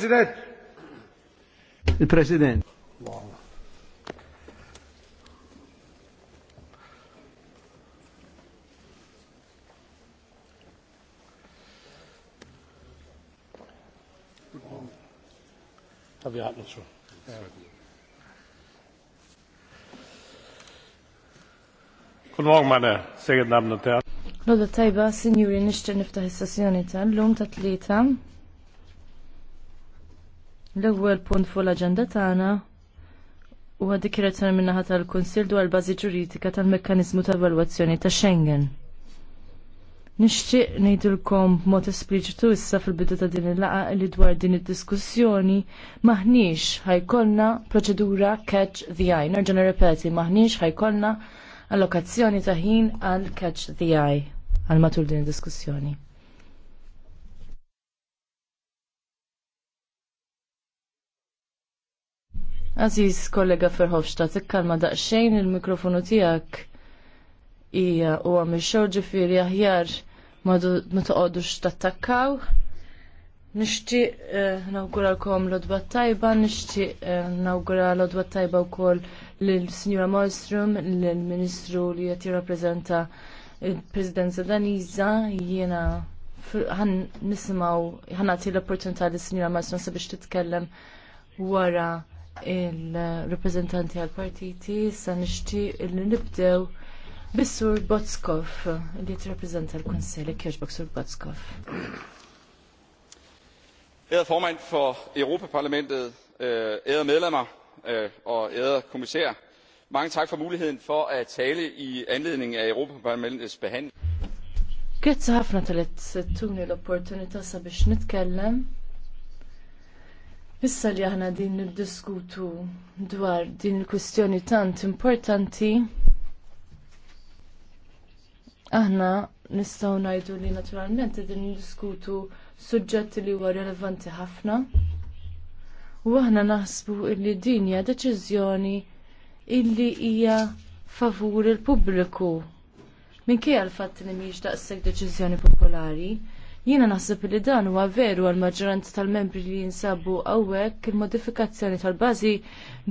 President. Il-President. Wow. Wow. Guten Morgen, meine sehr geehrten Damen und Herren. Lola tajba, signori, nishtir niftaħ il sessjoni tal-lum ta' tlieta. L-ewwel punt fuq l-aġenda tagħna huwa dikjerazzjoni min-naħa tal-Kunsill dwar bażi ġuridika tal-mekkaniżmu ta' evalwazzjoni ta' Schengen. Nixtieq ngħidulkom b'mod espliċitu issa fil-bidu ta' din il laqgħa li dwar din id-diskussjoni maħniex ħajkollna proċedura catch the eye. Nerġa' nirrepeti maħniex ħajkollna allokazzjoni ta' ħin għal catch the eye għal matul din id-diskussjoni. Aziz kollega Ferħofstadt, ikkalma daqxejn il-mikrofonu tijak ija u għam il-xor ġifiri aħjar ma x tattakkaw. Eh, nawgura l-kom l-odba tajba, nishti eh, nawgura l-odba tajba u kol l-Signora Malmström, l-Ministru li jati rappresenta il-Presidenza Daniza, jiena għan nisimaw, għan għati l-opportunità l-Signora Malmström sabiex titkellem wara il-reprezentanti għal-partiti sa nixti li nibdew bis-sur Botskov li t-reprezenta l-Kunsell Kirchberg sur Botskov. Ærede formand for Europaparlamentet, eh, ærede medlemmer eh, og ærede kommissær. Mange tak for muligheden for at tale i anledning af Europaparlamentets behandling. Grazie ħafna tal-tuni l-opportunità sabiex nitkellem Issa li aħna din niddiskutu dwar din il-kwistjoni tant importanti, aħna nistgħu ngħidu li naturalment din niddiskutu suġġetti li huwa relevanti ħafna. U aħna naħsbu illi din hija deċiżjoni illi hija favur il-pubbliku. Minkejja l-fatt li mhijiex daqshekk deċiżjoni popolari, Jiena naħseb li dan huwa veru għal maġġoranza tal-membri li jinsabu hawnhekk il-modifikazzjoni tal-bażi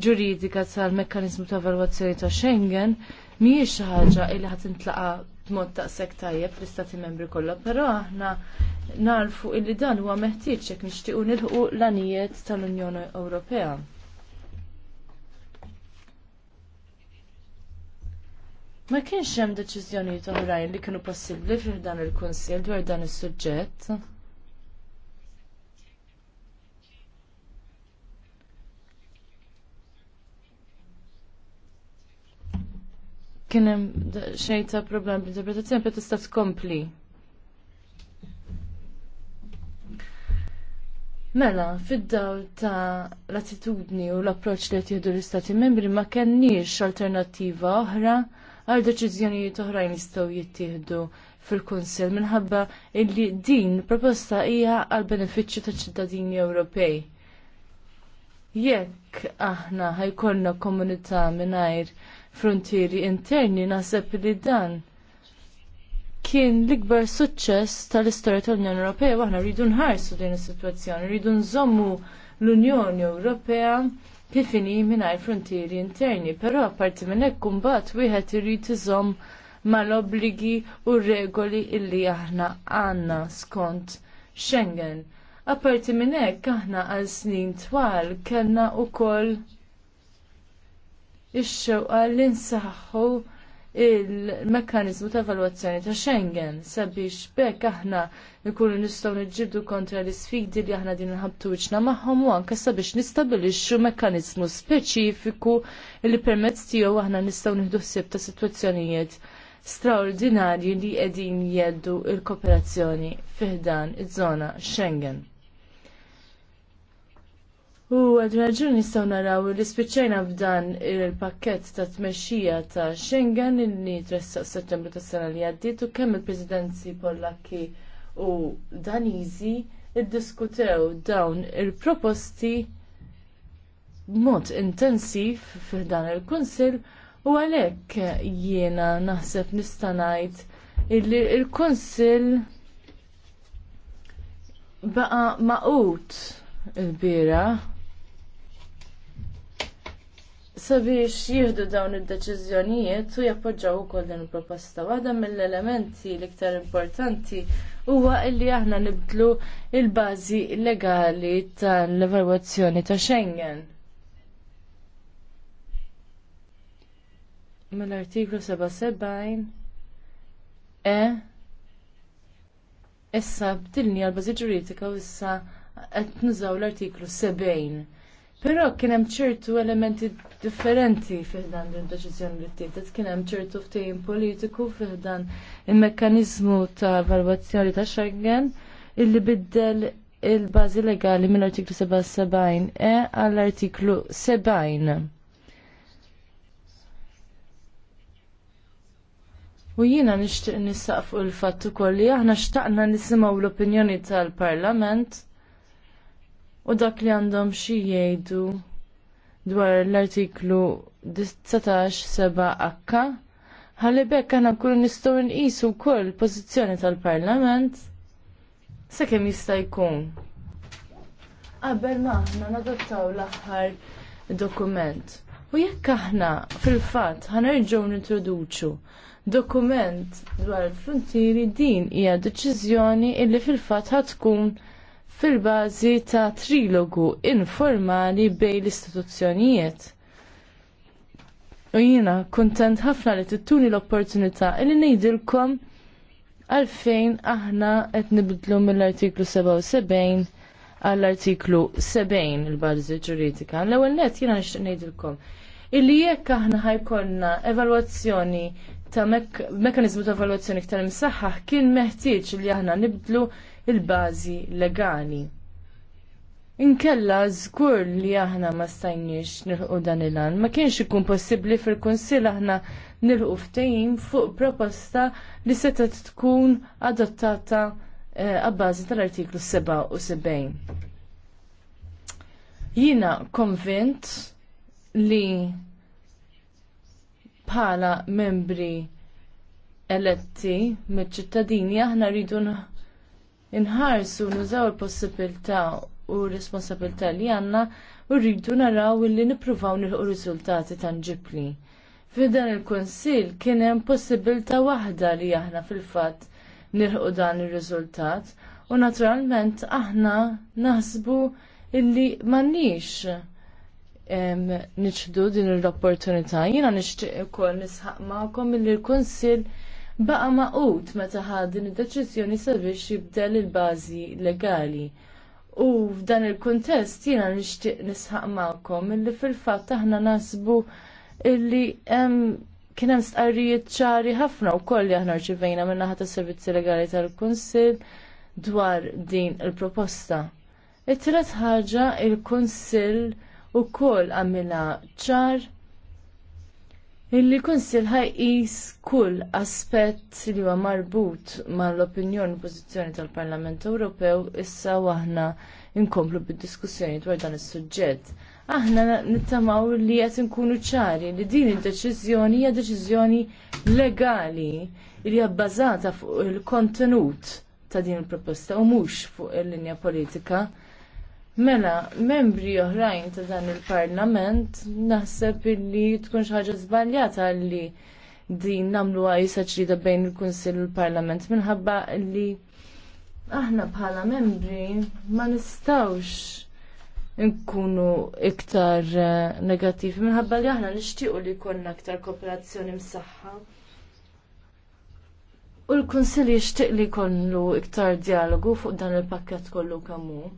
ġuridika tal-mekkaniżmu ta' evalwazzjoni ta' Schengen mhijiex xi ħaġa li ħadd intlaqa b'mod taqsek tajjeb fl-istati membri kollha, però aħna narfu li dan huwa meħtieġ jekk nixtiequ nilħu l-anijiet tal-Unjoni Ewropea. Ma kienx hemm deċiżjonijiet oħrajn li kienu possibbli fih dan il-Kunsill dwar dan is-suġġett. Kien hemm xejn ta' problem bl-interpretazzjoni bħet tista' tkompli. Mela, fid-dawl ta' l-attitudni u l approċċ li qed jieħdu l-Istati membri ma kenniex alternattiva oħra għal deċiżjonijiet oħrajn jistgħu jittieħdu fil-Kunsill minħabba illi din proposta hija għal benefiċċju tal-ċittadini Ewropej. Jekk aħna ħajkollna komunità mingħajr frontieri interni naħseb li dan kien l-ikbar suċċess tal-istorja tal-Unjoni Ewropea aħna rridu nħarsu din is-sitwazzjoni, rridu nżommu l-Unjoni Ewropea pifini mingħajr frontieri interni, però apparti minn hekk kumbat wieħed irid iżomm mal-obbligi u regoli illi aħna għandna skont Schengen. Apparti minn hekk aħna għal snin twal kellna wkoll ix-xewqa li nsaħħu il-mekkanizmu ta' evalwazzjoni ta' Schengen sabiex bekk aħna nkunu nistgħu niġġieldu kontra l-isfidi li aħna din nħabtu wiċċna magħhom u anke sabiex nistabilixxu mekkaniżmu speċifiku li permezz tiegħu aħna nistgħu nieħdu ħsieb ta' sitwazzjonijiet straordinarji li qegħdin jeddu l kooperazzjoni fiħdan iż-żona Schengen. U għad raġun nistaw naraw li spiċċajna b'dan il-pakket ta' tmexxija ta' Schengen li tressaq settembru tas sena li għaddiet u kemm il-Presidenzi Pollakki u Daniżi iddiskutew dawn il-proposti b'mod intensiv f'dan il-Kunsill u għalhekk jiena naħseb nista' ngħid illi il-Kunsill baqa' maqut il-bira sabiex jieħdu dawn id-deċiżjonijiet u jappoġġaw ukoll din il-proposta. Waħda mill-elementi l-iktar importanti huwa li aħna nibdlu il-bażi legali tal-evalwazzjoni ta' Schengen. Mill-artiklu 77 e issa bdilni għal-bażi ġuridika u issa qed nużaw l-artiklu 70. Però kien hemm ċertu elementi differenti dan din deċiżjoni li ttieħdet kien hemm ċertu f-tejn politiku dan il-mekkaniżmu ta' valwazzjoni ta' Schengen illi biddel il-bażi legali mill-artiklu 77 e għall-artiklu 70. U jina nishtiq nisaqfu l-fatt ukoll li aħna xtaqna nisimgħu l-opinjoni tal-Parlament u dak li għandhom xi jgħidu dwar l-artiklu 17 7 akka ħalli bekk għana kull nistaw nqisu wkoll pożizzjoni tal-Parlament sakemm jista' jkun. Qabel ma aħna nadottaw l-aħħar dokument. U jekk aħna fil-fatt ħanerġgħu nintroduċu dokument dwar il fruntieri din hija deċiżjoni illi fil-fatt ħatkun tkun fil-bażi ta' trilogu informali bejn l-istituzzjonijiet. U jiena kuntent ħafna li tittuni l-opportunità li ngħidilkom għalfejn aħna qed nibdlu mill-artiklu 77 għall-artiklu 70 il-bażi ġuridika. L-ewwel nett jiena nixtieq ngħidilkom illi jekk aħna ħajkollna evalwazzjoni ta' meccanizmu ta' evalwazzjoni ktar imsaħħaħ kien meħtieġ li aħna nibdlu il-bażi legali. Inkella żgur li aħna ma stajniex nilħu dan il-an, ma kienx ikun possibbli fil-Kunsill aħna nilħu ftehim fuq proposta li setet tkun adottata eh, għabbażi eh, tal-artiklu 77. Jina konvint li bħala membri eletti mill-ċittadini aħna rridu inħarsu nużaw il-possibilità u responsabilità li għandna u rridu naraw li nippruvaw nilqu riżultati tangibbli. F'dan il-Kunsill kien hemm possibilità waħda li aħna fil-fatt nilħu dan ir-riżultat u naturalment aħna naħsbu illi m'għandniex niċdu din l-opportunità. Jiena nixtieq ukoll nisħaq magħkom illi l-Kunsill baqa maqut meta ħadin id-deċiżjoni sabiex jibdel il-bażi legali. U f'dan il-kuntest jiena nixtieq nisħaq magħkom illi fil-fatt aħna nasbu illi kien hemm stqarrijiet ċari ħafna wkoll li aħna rċivejna minn naħa tas-servizzi legali tal-Kunsill dwar din il-proposta. It-tielet ħaġa il-Kunsill ukoll għamilha ċar illi kunsil ħajqis kull aspett li huwa marbut mal-opinjoni pożizzjoni tal-Parlament Ewropew issa waħna inkomplu bid-diskussjoni dwar dan is-suġġett. Aħna nittamaw li qed inkunu ċari li din id-deċiżjoni hija deċiżjoni legali li hija bbażata fuq il-kontenut ta' din il-proposta u mhux fuq il-linja politika. Mela, membri oħrajn ta' dan il-parlament naħseb illi tkun ħaġa żbaljata li din namlu għajsa ċrida bejn il-Kunsill u l-Parlament minħabba li aħna bħala membri ma nistawx nkunu iktar eh, negattivi minħabba li aħna nixtiequ li jkollna iktar kooperazzjoni msaħħa. U l-Kunsill jixtieq li jkollu iktar dialogu fuq dan il-pakket kollu kemm hu.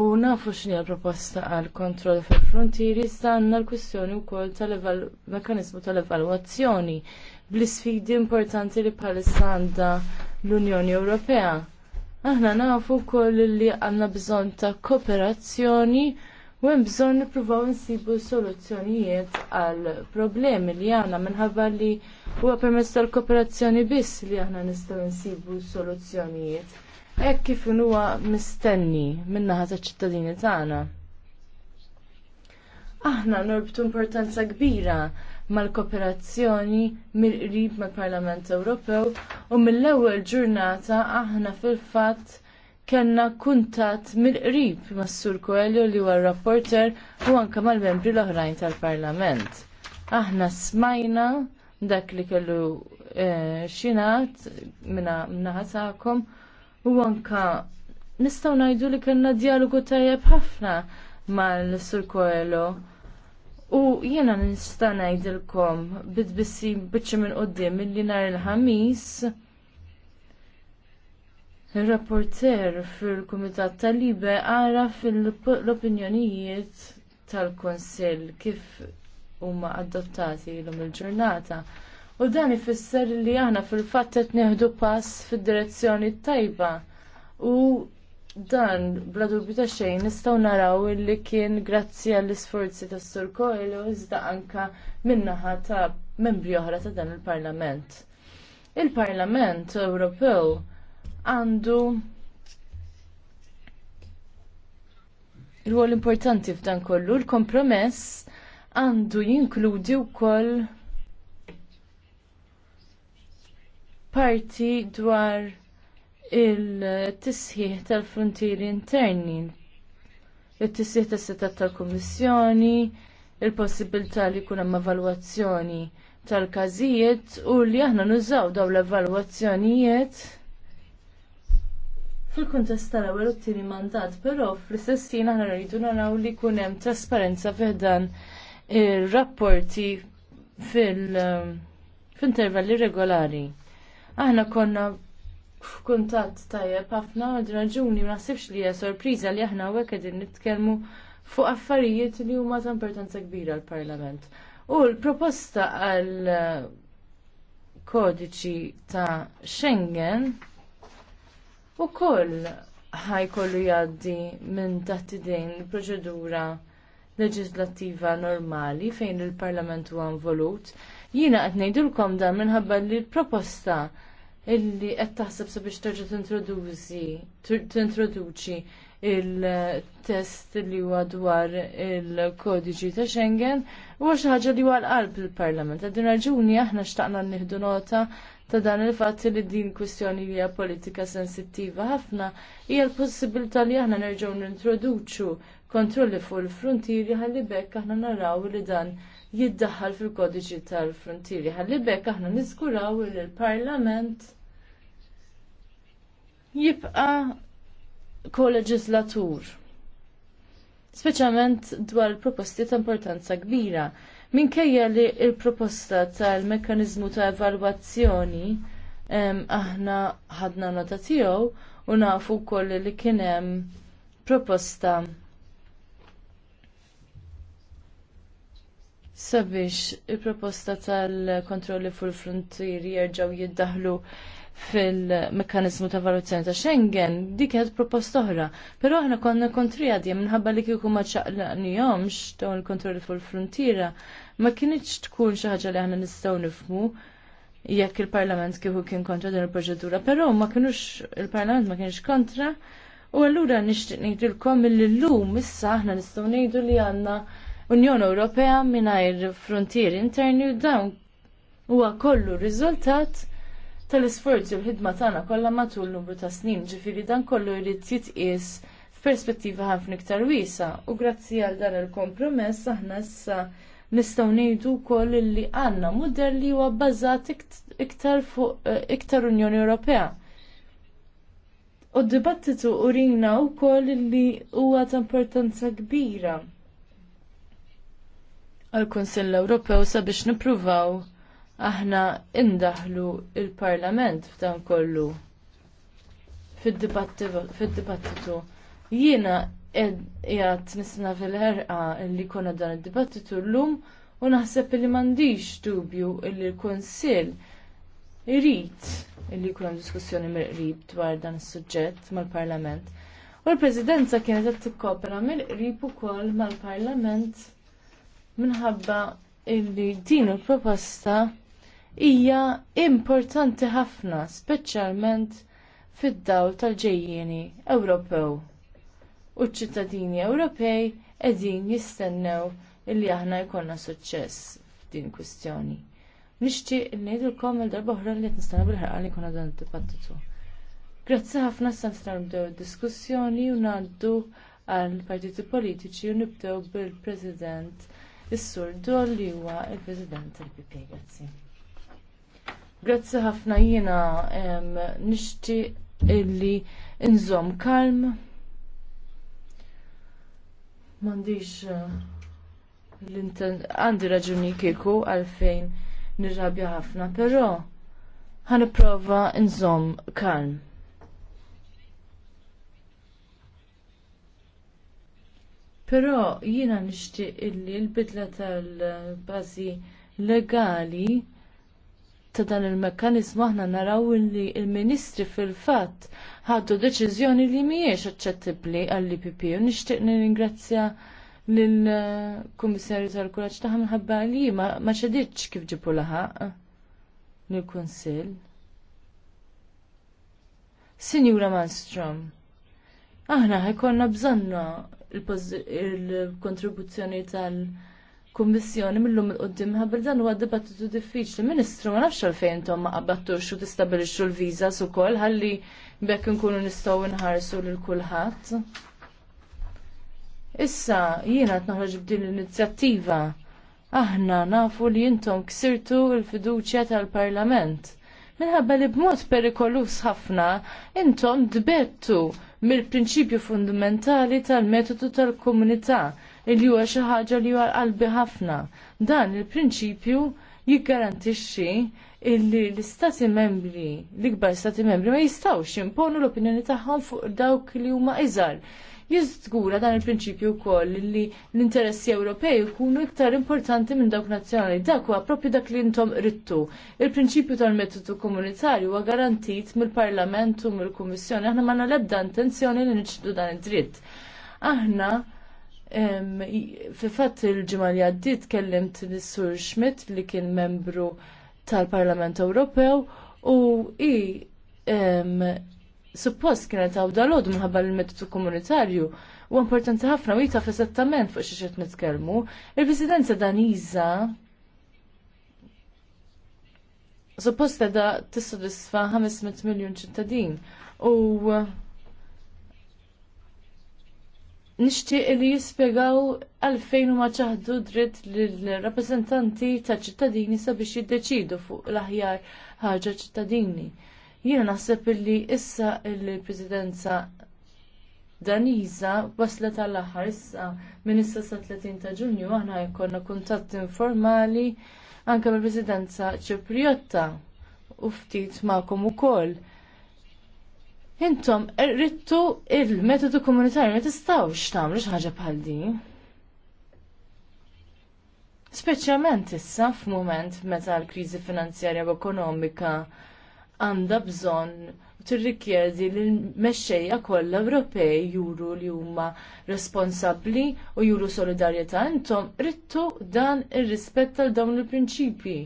U nafu xini l-proposta għal kontroll fil-frontieri għandna l-kwistjoni wkoll tal-mekkaniżmu tal-evalwazzjoni bl-isfidi importanti li bħalissa għandha l-Unjoni Ewropea. Aħna nafu wkoll li għandna bżonn ta' kooperazzjoni u hemm bżonn nippruvaw insibu soluzzjonijiet għal problemi li għandna minħabba li huwa permezz tal-kooperazzjoni biss li aħna nistgħu nsibu soluzzjonijiet hekk kif huwa mistenni min-naħa taċ-ċittadini tagħna. Aħna norbtu importanza kbira mal-kooperazzjoni mill-qrib mal-Parlament Ewropew u mill-ewwel ġurnata aħna fil-fatt kellna kuntatt mill-qrib mas-Sur Koelio li huwa rapporter u anke mal-membri l-oħrajn tal-Parlament. Aħna smajna dak li kellu eh, xinat minna minnaħatakom U anka nistgħu ngħidu li kellna dialogu tajjeb ħafna mal-Sur Koelo. U jiena nista' ngħidilkom bitbissi biċċi minn qudiem illi nhar il-ħamis Il-rapporter fil-Kumitat tal-Libe għara fil-opinjonijiet tal-Konsil kif huma adottati l om il-ġurnata. U dan ifisser li aħna fil-fatt qed neħdu pass fid-direzzjoni tajba. U dan bla dubju ta' xejn nistgħu naraw li kien grazzi għall isforzi tas Sur Coelho iżda anka min-naħa ta' membri oħra ta' dan il-Parlament. Il-Parlament Ewropew għandu rwol importanti f'dan kollu, l-kompromess għandu jinkludi wkoll parti dwar il-tisħiħ tal-frontieri interni, il-tisħiħ tas setat tal-Kommissjoni, il-possibilità li jkun hemm evalwazzjoni tal-każijiet u li aħna nużaw dawn l-evalwazzjonijiet fil-kuntest tal-ewwel u t-tieni mandat, però fl-istess ħin aħna rridu naraw li jkun hemm trasparenza fih dan ir-rapporti fil-intervalli regolari. Aħna konna f'kuntatt tajjeb ħafna għad raġuni ma nasibx li hija sorpriża li aħna hawnhekk qegħdin nitkellmu fuq affarijiet li huma ta' importanza kbira l-Parlament. U l-proposta għal uh, kodiċi ta' Schengen ukoll ħajkollu jgħaddi minn taħt idejn proċedura leġislattiva normali fejn il-Parlament huwa involut. Jiena qed ngħidulkom dan minħabba li l-proposta illi qed taħseb sabiex terġa' tintroduzi, tintroduċi il-test li huwa dwar il-kodiġi ta' Schengen huwa xi ħaġa li huwa qalb il-Parlament. Għadin raġuni aħna xtaqna nieħdu nota ta' dan il-fatt li din kwestjoni li hija politika sensittiva ħafna hija l-possibilità li aħna nerġgħu nintroduċu kontrolli fuq il-frontieri ħalli bekk aħna naraw li dan jiddaħħal fil-kodiċi tal-frontieri ħalli bekk aħna niżguraw li l-Parlament jibqa koleġislatur. Speċjalment dwar proposti ta' importanza kbira. Minkejja li l proposta tal-mekkanizmu ta' evalwazzjoni aħna ħadna nota tiegħu u nafu wkoll li kien hemm proposta sabiex il-proposta tal-kontrolli fuq il-frontieri jerġgħu jiddaħħlu fil mekanizmu ta' valutazzjoni ta' Schengen, dik kienet proposta oħra. Però aħna konna kontri di minħabba li kieku ma ċaqlaqnihomx dawn il-kontrolli fuq il-frontiera, ma kienx tkun xi ħaġa li aħna nistgħu nifhmu jekk il-Parlament kieku kien kontra din il-proċedura, però ma kienux il-Parlament ma kienx kontra. U allura nixtieq ngħidilkom li llum issa aħna nistgħu ngħidu li għandna Unjoni Ewropea mingħajr frontieri interni u dawn huwa kollu riżultat tal-isforzi u l-ħidma tagħna kollha matul numru ta' snin, ġifieri dan kollu jrid jitqies f'perspettiva ħafna iktar wiesa u grazzi għal dan il-kompromess aħna issa nistgħu ngħidu wkoll li għandna mudell li huwa bbażat iktar fuq eh, iktar Unjoni Ewropea. U d-dibattitu urina wkoll li huwa ta' importanza kbira għall kunsill Ewropew sabiex nippruvaw aħna indaħlu l parlament f'dan kollu fid-dibattitu. Jiena jgħat nisna fil-ħerqa li jkollna dan id-dibattitu llum u naħseb li m'għandix dubju li l-Kunsill irrid li jkun hemm diskussjoni mill-qrib dwar dan is-suġġett mal-Parlament. U l-Presidenza kienet qed tikkopera mill-qrib ukoll mal-Parlament minħabba illi din il-proposta hija importanti ħafna, speċjalment fid-dawl tal-ġejjieni Ewropew. U ċ-ċittadini Ewropej qegħdin jistennew illi aħna jkollna suċċess f'din kwistjoni. Nixtieq ngħidilkom il darba oħra li qed nistenna bil-ħarqa li jkollna dan id-dibattitu. Grazzi ħafna sa nistgħu diskussjoni u ngħaddu għal partiti politiċi u nibdew bil-President is-Sur Dolli huwa l president tal-PP. Grazzi. Grazzi ħafna jiena nixti illi nżom kalm. M'għandix eh, għandi raġuni kieku għalfejn nirrabja ħafna, però prova nżom kalm. Però jiena nixtieq illi l-bidla tal-bażi legali ta' dan il-mekkanizmu aħna naraw li il-ministri fil-fatt ħaddu deċiżjoni li mhijiex aċċettibbli għall-IPP u nixtieq nirringrazzja lill-Kummissarju tal-Kuraġġ taħ minħabba li ma ċeditx kif ġibu laħaq lill-Kunsill. Sinjura Malmstrom, aħna ħajkonna bżonna il-kontribuzzjoni tal- kummissjoni millum il-qoddim ħabel dan huwa dibattitu diffiċli. Ministru ma nafx għalfejn intom ma qabbattux u tistabilixxu l-viżas ukoll ħalli bekk nkunu nistgħu nħarsu lil kulħadd. Issa jiena qed noħroġ b'din l-inizjattiva. Aħna nafu li intom ksirtu l-fiduċja tal-Parlament. Minħabba li b'mod perikolus ħafna intom dbettu mill-prinċipju fundamentali tal-metodu tal-komunità il huwa xi ħaġa li huwa qalbi ħafna. Dan il-prinċipju jiggarantixxi illi l-istati membri, l-ikbar stati membri ma jistawx jimponu l-opinjoni tagħhom fuq dawk li huma iżgħar. Jiżgura dan il-prinċipju wkoll li l-interessi Ewropej jkunu iktar importanti minn dawk nazzjonali. Dak huwa proprju dak li intom rittu. Il-prinċipju tal-metodu komunitarju huwa garantit mill-Parlament u mill-Kummissjoni. Aħna ma l-ebda intenzjoni li niċċdu dan id-dritt. Aħna fi fatt il-ġimgħa li għaddiet kellimt lis-Sur Schmidt li kien membru tal-Parlament Ewropew u i suppost kienet għaw dalod minħabba l-metodu komunitarju u importanti ħafna u jitaf esattament fuq xiexet nitkelmu. Il-presidenza daniza suppost da tissodisfa 500 miljon ċittadin u nixtieq li jispjegaw għalfejn huma ċaħdu dritt lill-rappreżentanti taċ ċittadini sabiex jiddeċidu fuq l-aħjar ħaġa ċittadini. Jiena naħseb li issa l presidenza Daniza waslet għall aħħar issa minn issa sa 30 ta' Ġunju aħna jkollna kuntatt informali anke mill-Presidenza Ċipriotta u ftit magħkom ukoll Intom rrittu il-metodu komunitarju ma tistawx tagħmlu xi ħaġa bħal din. Speċjalment issa f'mument meta l-kriżi finanzjarja u ekonomika għandha bżonn tirrikjedi li l-mexxejja kollha Ewropej juru li huma responsabbli u juru solidarjetà intom rittu dan ir-rispett tal dawn il-prinċipji.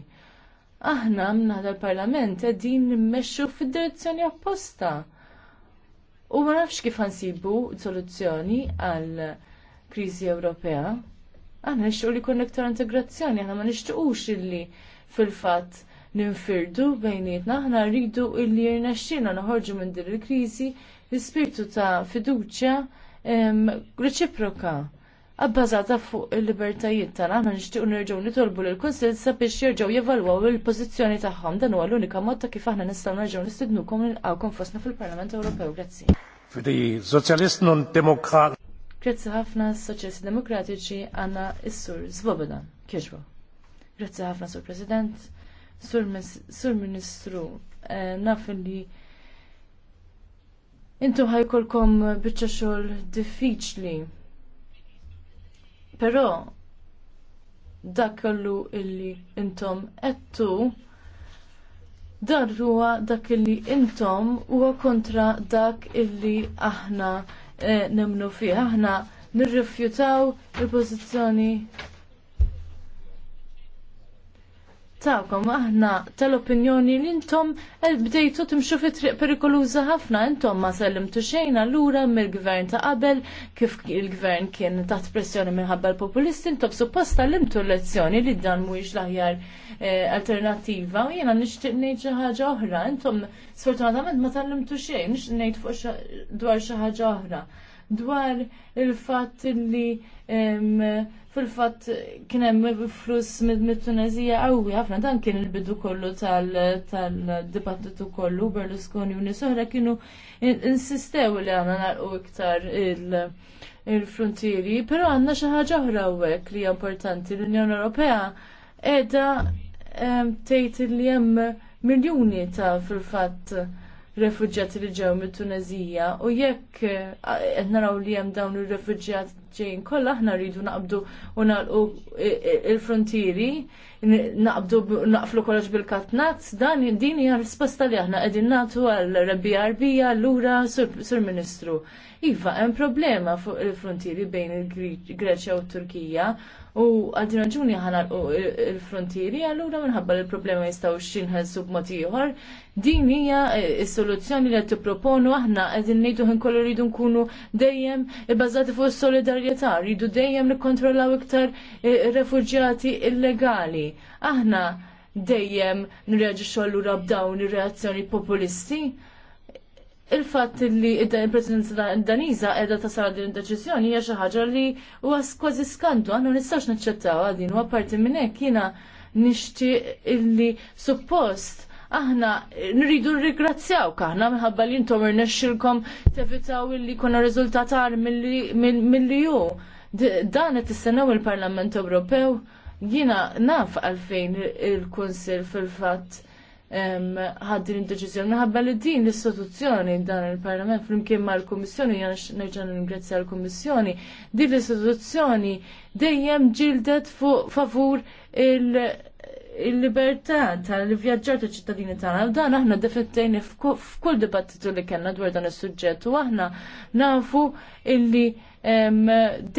Aħna mnaħda l-Parlament qegħdin nimmexxu fid-direzzjoni opposta. U ma nafx kif għansibu soluzzjoni għal kriżi Ewropea. Aħna nixtiequ li konnektor integrazzjoni, aħna ma nixtiequx illi fil-fatt ninfirdu bejnietna, aħna rridu illi jirnexxina noħorġu minn din il-kriżi l-ispirtu ta' fiduċja reċiproka abbażata fuq il-libertajiet tagħna aħna nixtiequ nerġgħu nitolbu lil kunsill sabiex jerġgħu jevalwaw il-pożizzjoni tagħhom dan huwa l-unika mod ta' kif aħna nistgħu nerġgħu nistednukom nilqgħukom fostna fil-Parlament Ewropew. Grazzi. Fidi Demokrat. Grazzi ħafna s-Soċjalisti Demokratiċi għandna s-Sur Svoboda. Kieġbu. Grazzi ħafna Sur President, Sur Ministru, eh, naf li intu ħajkolkom biċċa xogħol diffiċli Però dak kollu illi intom ettu, dan huwa dak illi intom huwa kontra dak illi aħna eh, nemnu fih aħna nirrifjutaw il-pożizzjoni ta'kom aħna tal-opinjoni li intom eh, bdejtu timxu fi triq perikoluża ħafna intom ma sellimtu xejn allura mill-gvern ta' qabel kif il-gvern kien taħt pressjoni minħabba l-populisti intom suppost tallimtu l-lezzjoni li dan mhuwiex l-aħjar eh, alternattiva u jiena nixtieq ngħid xi ħaġa oħra intom sfortunatament ma tallimtu xejn nixtieq ngħid fuq dwar xi ħaġa oħra dwar il-fatt li fil-fatt kien hemm flus mit-Tunezija qawwi ħafna dan kien il-bidu kollu tal-dibattitu kollu Berlusconi u soħra, kienu insistew li għandna narqu iktar il-frontieri, però għandna xi ħaġa oħra li hija importanti l-Unjoni Ewropea qiegħda ehm, tgħid li hemm miljuni ta' fil-fatt refugġati li ġew mit-Tunezija u jekk eh, qed naraw li hemm dawn ir refugġati ġejn kollha aħna rridu naqbdu u e, e, naqbdu il-frontieri, naqbdu naqflu kollox bil-katnat, dan din hija risposta li aħna qegħdin nagħtu għal Rebbi arbija allura sur Ministru. Iva, hemm problema fuq il-frontieri bejn il-Greċja u t-Turkija u għadin raġuni ħana e, il-frontieri, allura minħabba li l-problema jistaw xinħelsu b'mod ieħor. Din hija s-soluzzjoni li qed tipproponu aħna qegħdin ngħidu ħin kollu rridu nkunu dejjem ibbażati fuq is-solidarjetà solidarjetà, rridu dejjem nikkontrollaw iktar eh, refuġjati illegali. Aħna dejjem nreġixxu allura b'dawn ir-reazzjoni populisti. Il-fatt li il-Presidenza Daniża qiegħda tasal din id-deċiżjoni hija xi ħaġa li huwa kważi skandu, aħna nistax naċċettawha din u apparti minn hekk jiena nixtieq illi suppost aħna nridu nrigrazzjaw kaħna minħabba li ntom irnexxilkom tevitaw illi kuna riżultat għar mill-li ju. Dan qed issenaw il-Parlament Ewropew jiena naf għalfejn il-Kunsil fil-fatt ħaddin id-deċizjoni. Naħabba li din l-istituzzjoni dan il-Parlament flimkien ma' l-Kommissjoni, jgħan nerġan ringrazzja l kummissjoni din l-istituzzjoni dejjem ġildet fuq favur il- il-libertà tal-vjaġġar ta' ċittadini tagħna dan aħna defettejni f'kull dibattitu li kellna dwar dan is-suġġett u aħna nafu illi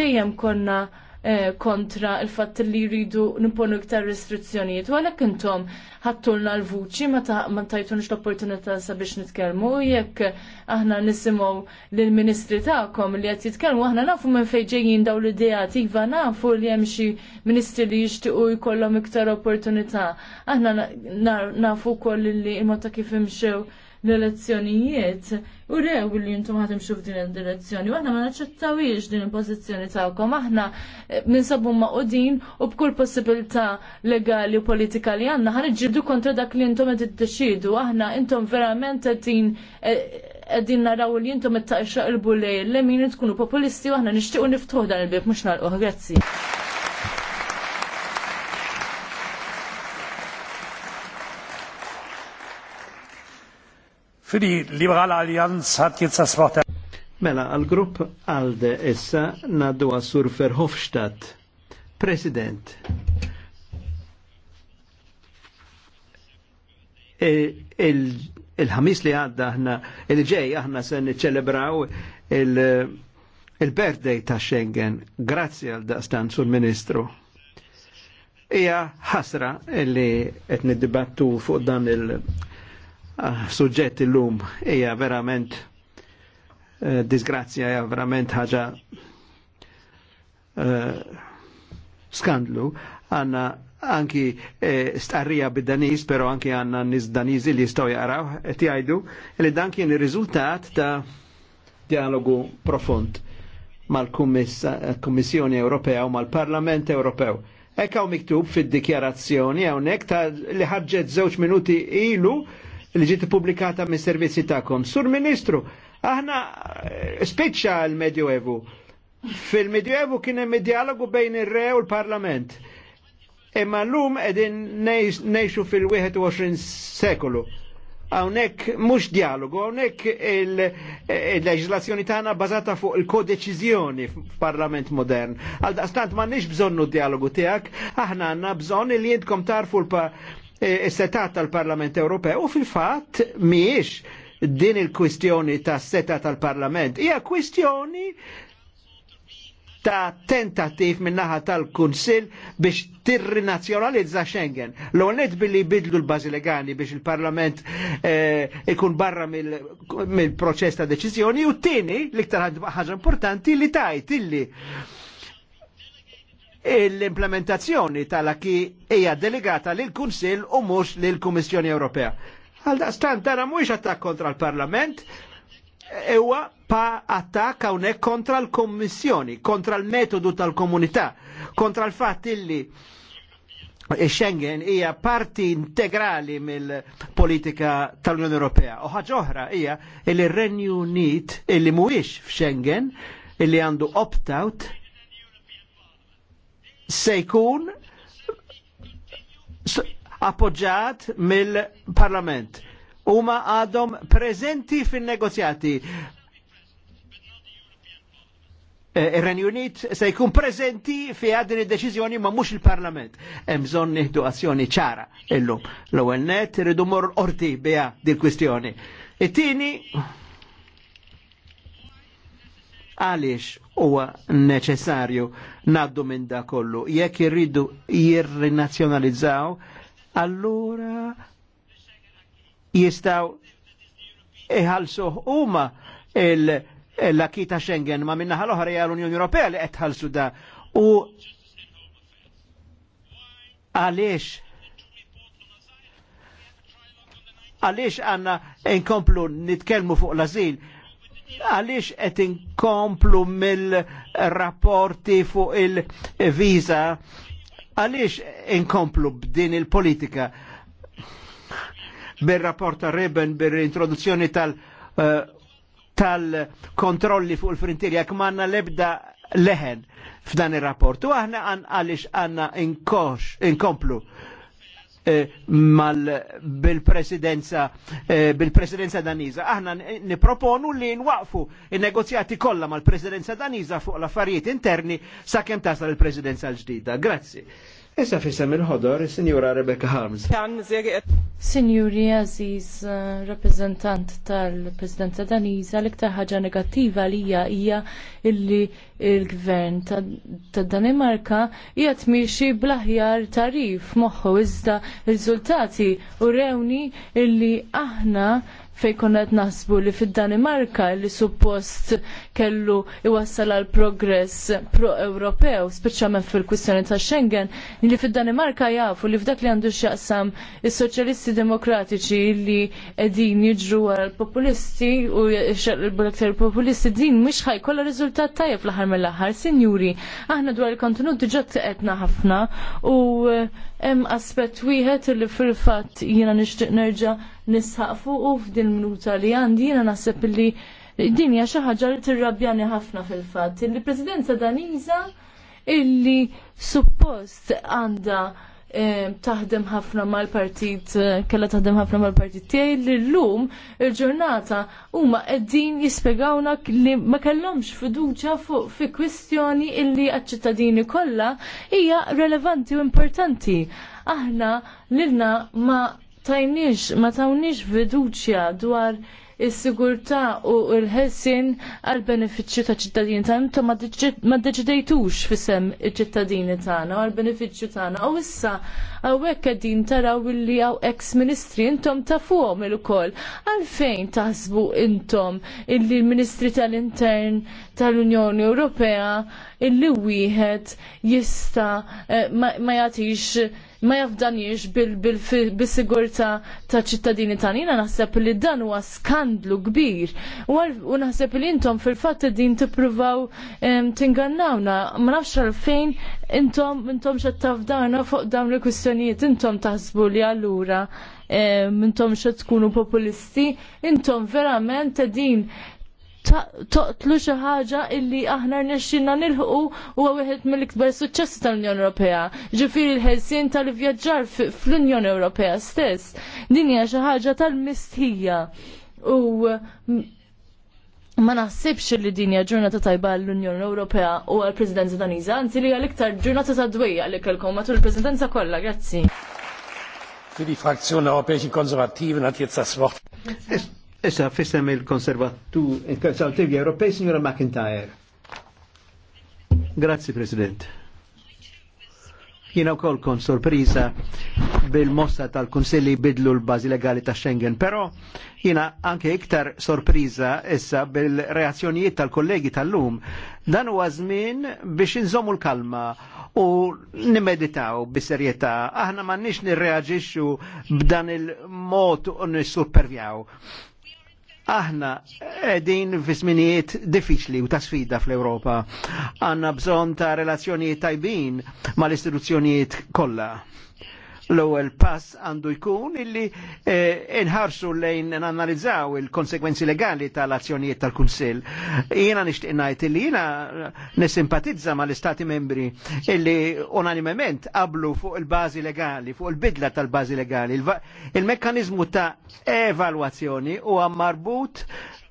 dejjem konna Eh, kontra il-fatt li jridu nipponu iktar restrizzjonijiet. U għalhekk intom ħattulna l-vuċi ma tajtunx l-opportunità sabiex nitkellmu jekk aħna nisimgħu lill-ministri tagħkom li qed jitkellmu aħna nafu minn fejn ġejjin dawn l idea iva nafu li hemm xi ministri li jixtiequ jkollhom iktar opportunità. Aħna nafu wkoll li il-mota kif imxew l-elezzjonijiet u rew li jintum xuf f'din id-direzzjoni. U aħna ma naċċettawiex din il-pożizzjoni tawkom. Aħna eh, minsabu ma' din u bkull possibilità legali u politika li għandna iġġidu kontra dak li intom qed iddeċidu. Aħna intom verament qegħdin eh, għedin naraw li intom għed taqxaq il-bulej l-lemin tkunu populisti u aħna nixtiequ niftuħ dan il-bib mhux uħ Grazzi. Für die Allianz hat jetzt das Wort Mela, għal-grupp għalde essa naddu għasur Verhofstadt, President. E, il-ħamis li għadda aħna, il-ġej aħna se niċċelebraw il-birthday ta' Schengen. Grazzi għal daqstan sul ministru Ija ħasra li għetni dibattu fuq dan il- Ah, suġġett illum hija verament eh, disgrazja hija verament ħaġa eh, skandlu għanna anki eh, starrija bid-Daniż, pero anki għanna nis Daniżi li jistgħu jaqraw qed jgħidu li dan kien ir-riżultat ta' dialogu profond mal-Kummissjoni Ewropea u mal-Parlament Ewropew. Ekkaw miktub fid-dikjarazzjoni hawnhekk ta' li ħarġet żewġ minuti ilu li ġiet pubblikata mis servizzi tagħkom. Sur Ministru, aħna eh, spiċċa l-Medjuevu. Fil-Medjuevu kien hemm dialogu bejn ir-re u l-Parlament. Imma llum qegħdin ngħixu fil-21 sekolu għawnek mux dialogu, għawnek eh, il-leġislazzjoni tagħna bazata fuq il-kodeċizjoni f'Parlament modern. Għal daqstant ma nix bżonnu dialogu tiegħek, aħna għandna bżonn li jintkom tarfu is-setat e, e tal-Parlament Ewropew u fil-fatt miex din il-kwistjoni ta' setat tal-Parlament. Hija kwistjoni ta' tentativ minnaħa tal-Kunsil biex tirrinazzjonalizza Schengen. L-għonet billi bidlu l-Bazilegani biex il-Parlament e, ikun barra mill-proċess ta' deċizjoni u t-tini, l-iktar ħaġa importanti, li tajt illi l-implementazzjoni tal-aki hija delegata lil kunsill u mux lil Kummissjoni Ewropea. Għal stan dara mux attak kontra l-Parlament, ewa pa attak hawnhekk kontra l-Kommissjoni, kontra l-metodu tal-komunità, kontra l fat illi Schengen hija parti integrali mill-politika tal-Unjoni Ewropea. U ħaġa oħra hija li r-Renju Unit illi mhuwiex f'Schengen illi għandu opt-out se jkun appoġġat mill-Parlament. Huma għadhom preżenti fin-negozjati. E, Ir-Renju Unit se jkun preżenti fi din id-deċiżjoni ma mhux il-Parlament. Emżon bżonn nieħdu azzjoni ċara illum. L-ewwel net irridu mor orti biha dil kwistjoni. It-tieni għaliex huwa neċessarju naddu minn da kollu. Jekk irridu jirrinazzjonalizzaw, allura jistaw iħalsu huma l-akita Schengen ma minna ħal-oħra hija l-Unjoni Ewropea li qed ħalsu da. U għaliex għaliex għanna inkomplu nitkelmu fuq l-azil għaliex qed inkomplu mill-rapporti fuq il-viza, għaliex inkomplu b'din il-politika bil-rapport ta' Reben, bil-introduzzjoni tal- eh, tal-kontrolli fuq il-frintieri, jekk manna lebda leħen f'dan ir rapport U aħna għan għalix għanna inkomplu. In Eh, bil-presidenza eh, bil-presidenza daniza. Aħna eh, niproponu li nwaqfu il-negozjati kollha mal-presidenza daniza fuq l-affarijiet interni sakemm tasal il-presidenza l-ġdida. Grazzi. Issa fissem il-ħodor, Signora Rebecca Harms. Signori Aziz, uh, rappresentant tal-Presidenza Daniza, l-iktar ħaġa negattiva li hija hija illi il-gvern ta' Danimarka hija miexi blaħjar tarif moħħu iżda riżultati u rewni illi aħna fej konnet naħsbu li fid-Danimarka li suppost kellu iwassal għal progress pro-Ewropew, speċjalment fil-kwistjoni ta' Schengen, li fid-Danimarka jafu li f'dak li għandu x'jaqsam is-soċjalisti demokratiċi li qegħdin jiġru għal populisti u l-aktar populisti din mhux kolla riżultat tajjeb fl-aħħar mill-aħħar, sinjuri. Aħna dwar il-kontenut diġà etna ħafna u hemm aspett wieħed li fil-fatt jiena nixtieq nerġa' nisħaq fuq u f'din minuta li għandi jiena naħseb li din hija xi ħaġa li tirrabjani ħafna fil-fatt. Il-Presidenza Daniża illi suppost għandha Eh, taħdem ħafna mal-partit, eh, kella taħdem ħafna mal-partit tiegħi li llum il-ġurnata huma qegħdin jispjegawna li ma kellhomx fiduċja fuq fi kwistjoni illi għaċ-ċittadini kollha hija relevanti u importanti. Aħna lilna ma tajniex, ma tawniex fiduċja dwar is-sigurtà u l ħelsien għal benefiċċju ta' ċittadini tagħna intom ma deċidejtux fisem iċ-ċittadini tagħna għal benefiċċju tagħna. U issa hawnhekk qegħdin taraw illi hawn ex-ministri intom tafuhom il-ukoll. Għalfejn taħsbu intom illi l-Ministri tal-Intern tal-Unjoni Ewropea illi wieħed jista' eh, ma jagħtix ma jafdanix bil-sigurta ta' ċittadini tanina naħseb li dan huwa skandlu kbir. U naħseb li intom fil-fatt din tippruvaw tingannawna. Ma nafx għalfejn intom intom xa tafdana fuq dawn il-kwistjonijiet intom taħsbu li allura intom xa tkunu populisti, intom verament din toqtlu xi ħaġa illi aħna rnexxinna nilħu huwa wieħed mill-ikbar suċċess tal-Unjoni Ewropea. Ġifieri l-ħelsien tal-vjaġġar fl-Unjoni Ewropea stess. Din hija xi ħaġa tal-mistħija. U ma naħsibx li din hija ġurnata tajba l-Unjoni Ewropea u għall-Presidenza Daniża, anzi li hija l-iktar ġurnata ta' dwejja li kellkom matul il-Presidenza kollha, grazzi. Für die Fraktion der Europäischen Konservativen hat jetzt das Wort. Issa fissem il-konservativi konservatu il Ewropej, signora McIntyre. Grazie, President. Jina u kol kon sorprisa bil-mossa tal-Konsilli bidlu l-bazi legali ta' Schengen, pero jina anke iktar sorpriza issa bil-reazzjonijiet tal-kollegi tal-lum. Dan u għazmin biex inżommu l-kalma u nimeditaw bis serjeta Aħna ma nix nirreagġiċu b'dan il mot u nis-supervjaw aħna edin fi sminijiet diffiċli u ta' sfida fl-Europa. Għanna bżon ta' relazzjonijiet tajbin ma' l-istituzzjonijiet kollha l-ewwel pass għandu jkun illi eh, inħarsu lejn nanalizzaw il-konsekwenzi legali tal-azzjonijiet tal-Kunsill. Jiena nixtieq ngħid illi jiena nisimpatizza mal-Istati membri illi unanimement qablu fuq il-bażi legali, fuq il-bidla tal-bażi legali. Il-mekkaniżmu ta' evalwazzjoni huwa marbut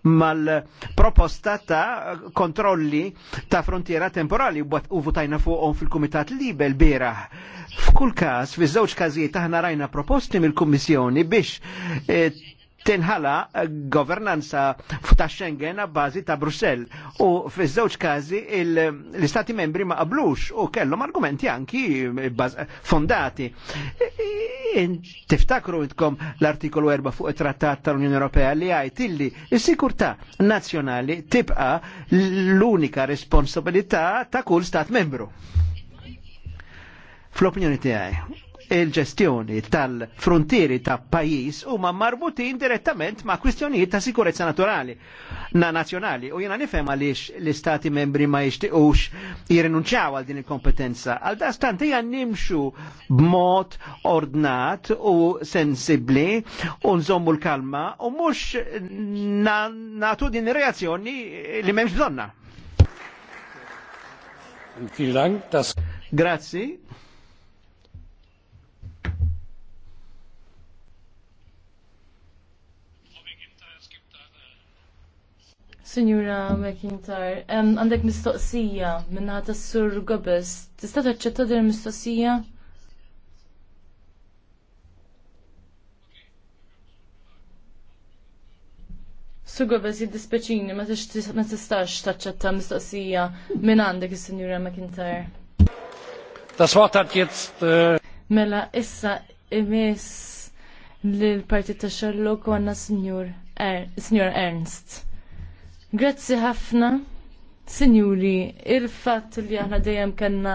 mal-proposta ta' kontrolli ta' frontiera temporali u votajna fuqhom fil-Kumitat Libel beraħ. F'kull każ, fiż-żewġ każijiet aħna rajna proposti mill-Kummissjoni biex eh, tinħala governanza ta' Schengen a bazi ta' Brussell u fiż-żewġ każi l-istati membri ma qablux u kellhom argumenti anki fondati. Tiftakru intkom l-artikolu 4 fuq it-Trattat tal-Unjoni Ewropea li għajt illi s-sikurtà nazzjonali tibqa l-unika responsabilità ta' kull stat membru. Fl-opinjoni tiegħi il-ġestjoni tal-frontieri ta' pajis huma marbutin direttament ma' kwistjonijiet ta' sikurezza naturali na nazjonali u jena nifhem għaliex l-istati membri ma jixtiequx jirinunċaw għal din il-kompetenza. Għal da stanti nimxu b'mod ordnat u sensibli u nżommu l-kalma u mux nagħtu natu din reazzjoni li memx bżonna. Grazzi. Signora McIntyre, għandek mistoqsija minna ta' Sur Gobes. Tista' taċċetta din mistoqsija? Sur Gobes jiddispeċini, ma tistax taċċetta mistoqsija minn għandek is-Signora McIntyre. Das Wort jetzt... Äh, mela, issa imis l-partit ta' Sherlock għanna Signor er-, Ernst. Grazzi ħafna, Sinjuri, il-fatt li aħna dejjem kanna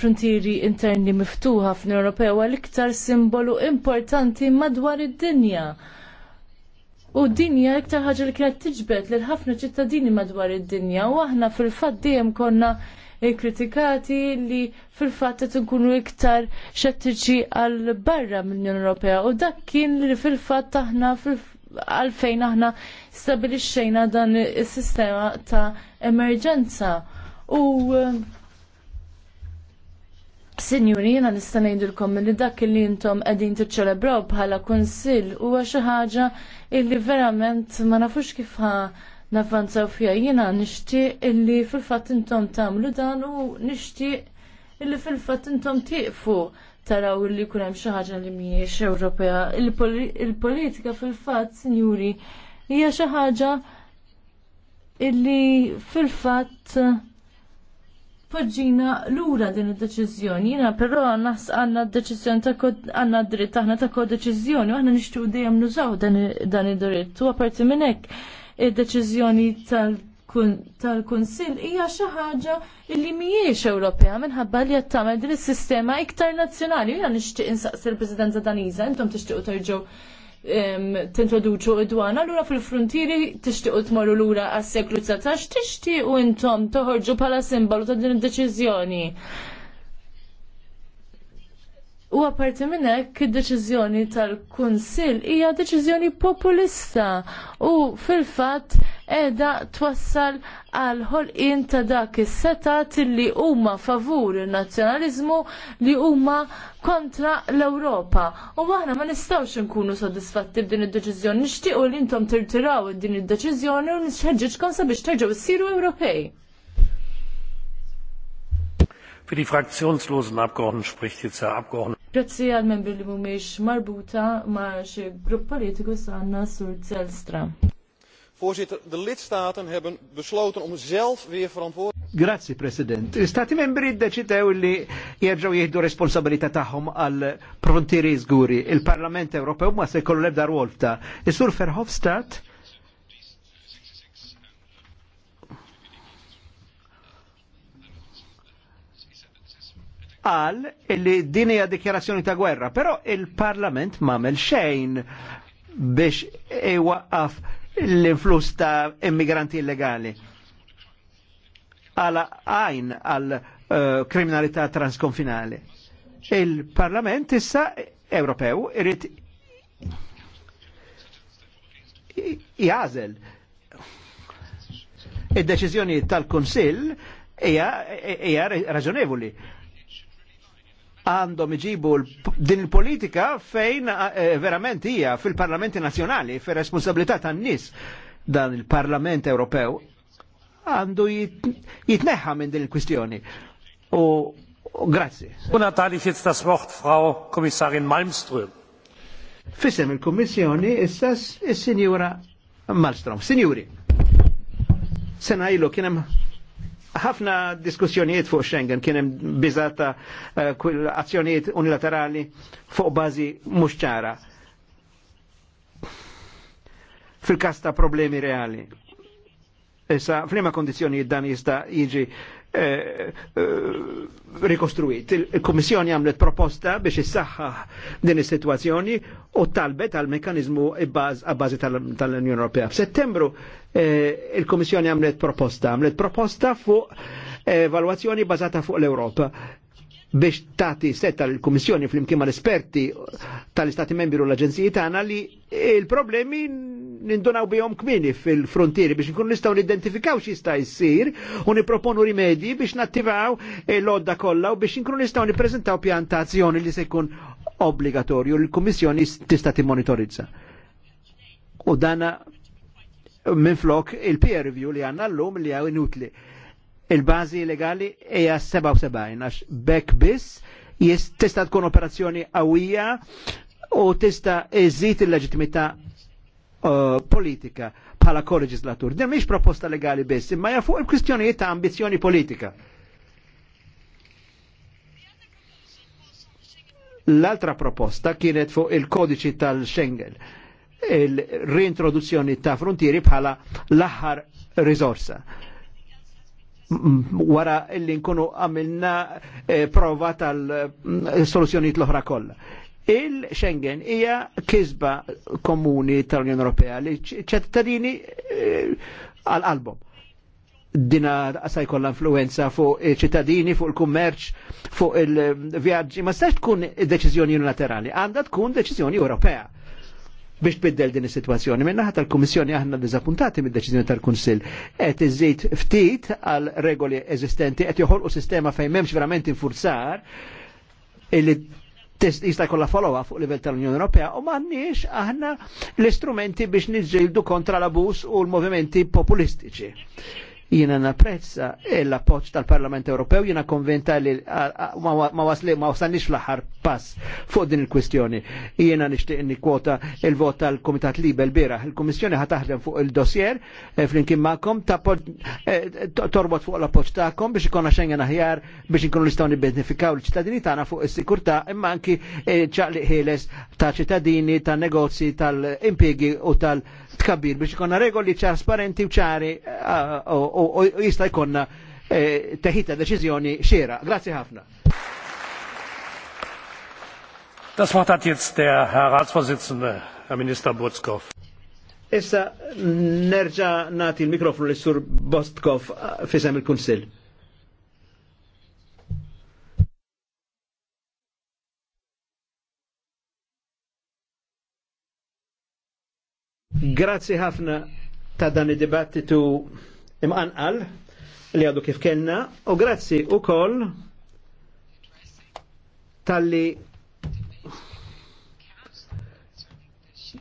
frontieri interni miftuħa f'Un Ewropew għal iktar simbolu importanti madwar id-dinja. U dinja iktar ħaġa li kienet tiġbed lil ħafna ċittadini madwar id-dinja u aħna fil-fatt dejjem konna eh, kritikati li fil-fatt qed inkunu iktar xettiċi għal barra mill-Unjoni Ewropea u dak kien li fil-fatt aħna fil għalfejn aħna stabilixxejna dan is-sistema ta' emerġenza. U eh, Sinjuri, jena nista' ngħidilkom li dak li intom qegħdin tiċċelebraw bħala kunsill huwa xi ħaġa illi verament ma nafux kif ħa navvanzaw fiha. Jiena nixtieq illi fil-fatt intom tagħmlu dan u nixtieq illi fil-fatt intom tieqfu taraw li kun hemm xi ħaġa li mhijiex Ewropea. Il-politika fil-fatt, sinjuri, hija xi ħaġa illi fil-fatt poġġina lura din id-deċiżjoni. jina però naħs għandna d deċizjoni ta' għandna dritt aħna ta' kodeċiżjoni u aħna nixtiequ dejjem nużaw dan id-dritt. U apparti minn hekk id-deċiżjoni tal- tal-Kunsill hija xi ħaġa li mhijiex Ewropea minħabba li qed tagħmel din is-sistema iktar nazzjonali. Jiena nixtieq insaqsi il presidenza Daniża, intom tixtiequ terġgħu tintroduċu id-dwana, allura fil-frontieri tixtiequ tmorru lura għas-seklu 19, tixtiequ intom toħorġu bħala simbolu ta' din id-deċiżjoni. U għaparti minn hekk id-deċiżjoni tal-Kunsill hija deċiżjoni populista u fil-fatt qiegħda twassal għal ħolqien ta' dak is-setat li huma favur in-nazzjonaliżmu li huma kontra l-Ewropa. U aħna ma nistgħux nkunu sodisfatti b'din id-deċiżjoni, nixtiequ li intom tirtiraw din id-deċiżjoni u nixħeġġitkom sabiex terġgħu issiru Ewropej. Für die fraktionslosen Abgeordneten spricht jetzt der Abgeordnete. Grazzi għal membri li mhumiex marbuta ma' xi grupp politiku sanna Sur Zelstra. Voorzitter, de lidstaten hebben besloten om zelf weer verantwoordelijk. Grazzi, President. Stati membri deċidew li jerġaw jihdu responsabilità tagħhom għal frontieri żguri. Il-Parlament Ewropew ma se kollu lebda rwolfta. Is-Sur Verhofstadt għal li dini hija dikjarazzjoni ta' gwerra, però il-Parlament m'għamel xejn biex iwaqqaf l-influss ta' immigranti illegali. Għala għajn għal eh, kriminalità transkonfinali. Il-Parlament issa Ewropew irrit jazel id-deċizjoni tal-Konsil hija raġonevoli għandhom iġibu din il-politika fejn eh, eh, verament hija fil-parlamenti nazjonali, fil responsabilità tan nis dan il-Parlament Ewropew għandu jitneħħa minn din il-kwistjoni. U grazzi. Una tali fit das Frau Kommissarin Malmström. Fissem il-Kommissjoni istas il sinjura Malmström. Sinjuri, sena ilu kienem ħafna diskussjonijiet fuq Schengen kienem bizata uh, eh, azzjonijiet unilaterali fuq bazi mhux ċara fil kasta problemi reali. Issa, flima kondizjoni dan jista jiġi Eh, eh, rikostruit. Il-Komissjoni għamlet proposta biex issaħħa din is-sitwazzjoni u talbet għal mekanizmu għabbażi tal-Unjoni Ewropea. F'Settembru eh, il-Komissjoni għamlet proposta, għamlet proposta fuq evalwazzjoni bazata fuq l-Ewropa biex tati setta l-Komissjoni fl imkima mal esperti tal-Istati membri u l-Aġenziji tagħna li il-problemi nindunaw bijom kmini fil-frontieri biex nkun nistaw nidentifikaw sta' jsir u niproponu rimedji biex nattivaw eh, l-odda kollha u biex nkun nistaw nippreżentaw pjantazzjoni li se jkun obbligatorju li l-Kummissjoni tista' timmonitorizza. U dana minn flok il-peer review li għanna l-lum li għaw inutli. Il-bazi legali hija 77 għax bekk biss tista' tkun operazzjoni għawija u tista' iżid il-leġitimità Eh, politika bħala koreġislatur. Din mhix proposta legali biss, imma ja fuq il-kwistjonijiet ta' ambizjoni politika. L-altra proposta kienet fuq il-kodiċi tal-Schengen, il-reintroduzzjoni ta' frontieri bħala l-aħħar risorsa. Wara illi nkunu għamilna eh, prova tal-soluzjonijiet mm, l-oħra kolla. Il-Schengen hija kisba komuni tal-Unjoni Ewropea li ċittadini eh, għal-qalbhom. Dina għasaj kolla influenza fuq ċittadini, fuq il-kummerċ, fuq il-vjaġġi. Ma stax tkun deċiżjoni unilaterali, għandha tkun deċiżjoni Ewropea biex tbiddel din is-sitwazzjoni. Minnaħat tal-Kummissjoni aħna diżappuntati mid-deċiżjoni tal-Kunsill qed iżid ftit għal regoli eżistenti qed joħolqu sistema fejn m'hemmx verament infurzar illi jista' jkollha follow-up fuq livell tal-Unjoni Ewropea u m'għandniex aħna l-istrumenti biex niġġieldu kontra l-abus u l-movimenti populistiċi. Jiena napprezza l-appoġġ tal-Parlament Ewropew, jiena konventa li ma wasli wasalniex l-aħħar pass fuq din il-kwistjoni. Jiena nixtieq nikkwota il-vot tal-Kumitat Libel bira. Il-Kummissjoni ħa taħdem fuq il-dossier eh, flimkien magħkom eh, torbot fuq l-appoġġ tagħkom biex ikonna xejn aħjar biex inkunu nistgħu nibbenefikaw l-ċittadini tagħna fuq is-sikurtà imma anki eh, ċaqliq ħieles ta' ċittadini, ta' negozji, tal-impjegi u tal- tkabbir biex ikonna regoli trasparenti u ċari u eh, jista' jkollna eh, teħita deċizjoni xiera. Grazie ħafna. Das Wort hat jetzt der Herr Ratsvorsitzende, Herr Minister Burzkow. Issa nerġa' nagħti l mikrofon lis-Sur Bostkov eh, fisem il-Kunsill. Grazzi ħafna ta' dan id-dibattitu imqanqal li għadu kif kellna u grazzi u koll tal-li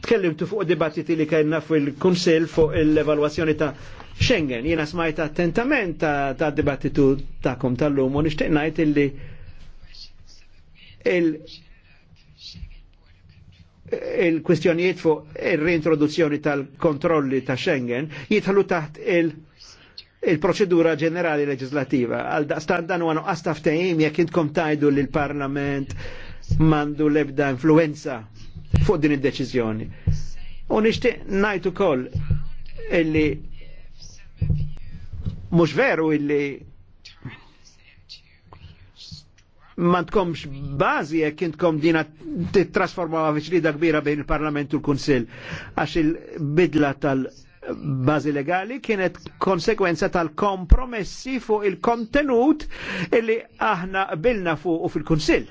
tkellimtu fuq dibattiti li kellna fil-Kunsil fuq l-evalwazzjoni ta' Schengen. Jiena smajt attentament ta', ta dibattitu ta'kom tal-lum u nixtieq ngħid illi il- il-kwistjonijiet fuq il-reintroduzzjoni tal-kontrolli ta' Schengen jitħallu taħt il- il-proċedura ġenerali leġislativa. Għal daqstan dan għanu għastaftajim jek intkom tajdu li l-parlament mandu lebda influenza fuq din id-deċizjoni. U nishtiq najtu koll illi mux veru illi ma tkomx bażi jekk intkom dina titrasformaw fiċlida kbira bejn il-Parlament u l kunsil għax il-bidla tal- bazi legali kienet konsekwenza tal-kompromessi fuq il-kontenut illi aħna bilna fuq u fil-Kunsill.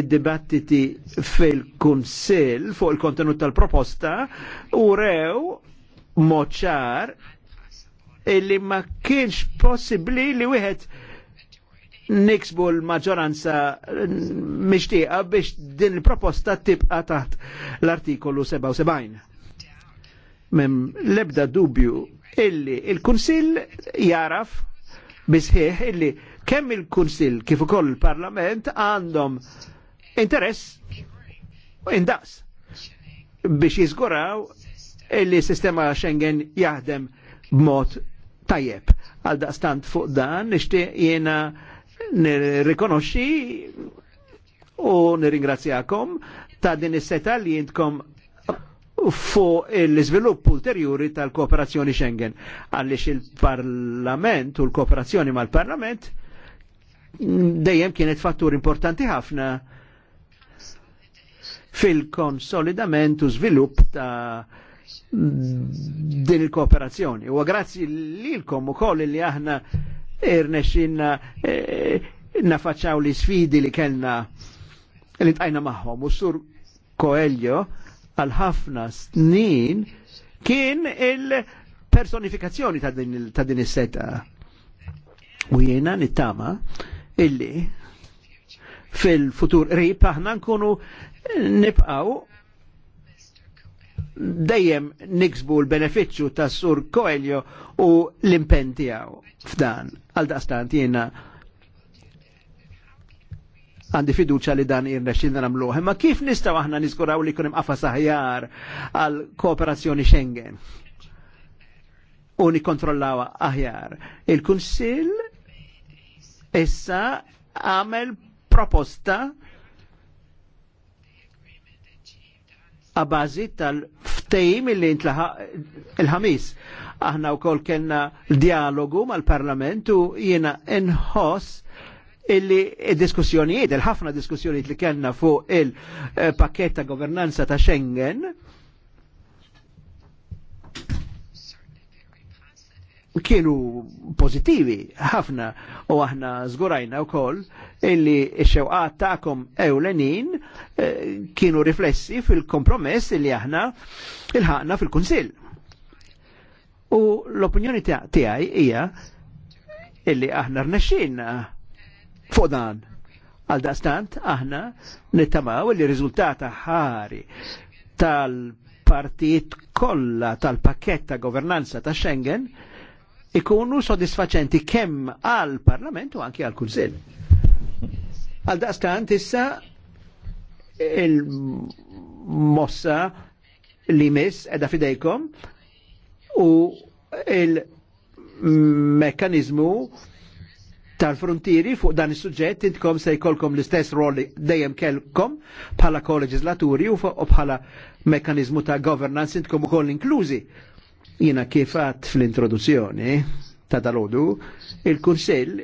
Id-dibattiti fil-Kunsill fuq il-kontenut tal-proposta u rew moċar illi ma kienx possibli li wieħed niksbu l-maġoranza mixtieqa biex din il-proposta tibqa taħt l-artikolu 77. Mem lebda dubju illi il-Kunsill jaraf bisħieħ illi kemm il-Kunsill kif ukoll il-Parlament għandhom interess indaqs biex jizguraw illi sistema Schengen jaħdem b'mod tajjeb. Għal daqstant fuq dan, nishtiq jena nirrikonoxxi u nirringrazzjakom ta' din is-seta li jintkom fuq l-iżvilupp ulterjuri tal-kooperazzjoni Schengen għaliex il-Parlament u l-kooperazzjoni mal-Parlament dejjem kienet fattur importanti ħafna fil-konsolidament u żvilupp ta' din il-kooperazzjoni. U grazzi lilkom ukoll li aħna irnexxinna eh, nafaċċaw li sfidi li kellna li tajna magħhom u sur Koeljo għal ħafna snin kien il-personifikazzjoni ta' din is-seta. U jena nittama illi fil-futur rib aħna nkunu nibqaw dejjem niksbu l-beneficju ta' sur Coelho u l-impen f'dan. Għal daqstant jiena għandi fiduċa li dan irna xilna namluħ. Ma kif nistaw aħna niskuraw li kunem għafa saħjar għal kooperazzjoni Schengen? U nikontrollaw aħjar. Il-Kunsil issa għamel proposta għabazi tal ftejm illi intlaħaq il-ħamis. Aħna u kol kena dialogu mal-parlamentu jena nħoss illi il-diskussjonijiet, il-ħafna diskussjonijiet li kena fuq il-pakket ta' governanza ta' Schengen, kienu pozittivi ħafna u aħna zgurajna u koll illi xewqat ta'kom ewlenin eh, kienu riflessi fil-kompromess illi aħna il-ħakna fil-Kunsil. U l-opinjoni tiegħi hija illi aħna rnexxinna fuq dan. Għal daqstant aħna nittamaw illi riżultata ħari tal-partijiet kollha tal-pakket ta' governanza ta' Schengen ikunu sodisfaċenti kemm għal Parlament u anki għal Kunsill. Għal daqstant issa il-mossa li mis edha fidejkom u il-mekanizmu tal-frontieri fuq dan is-suġġett intkom se jkollkom l-istess rol dejjem kellkom bħala koleġislaturi u bħala mekanizmu ta' governance intkom ukoll inklużi Jina kifat fl-introduzzjoni ta' dalodu, il-Kunsell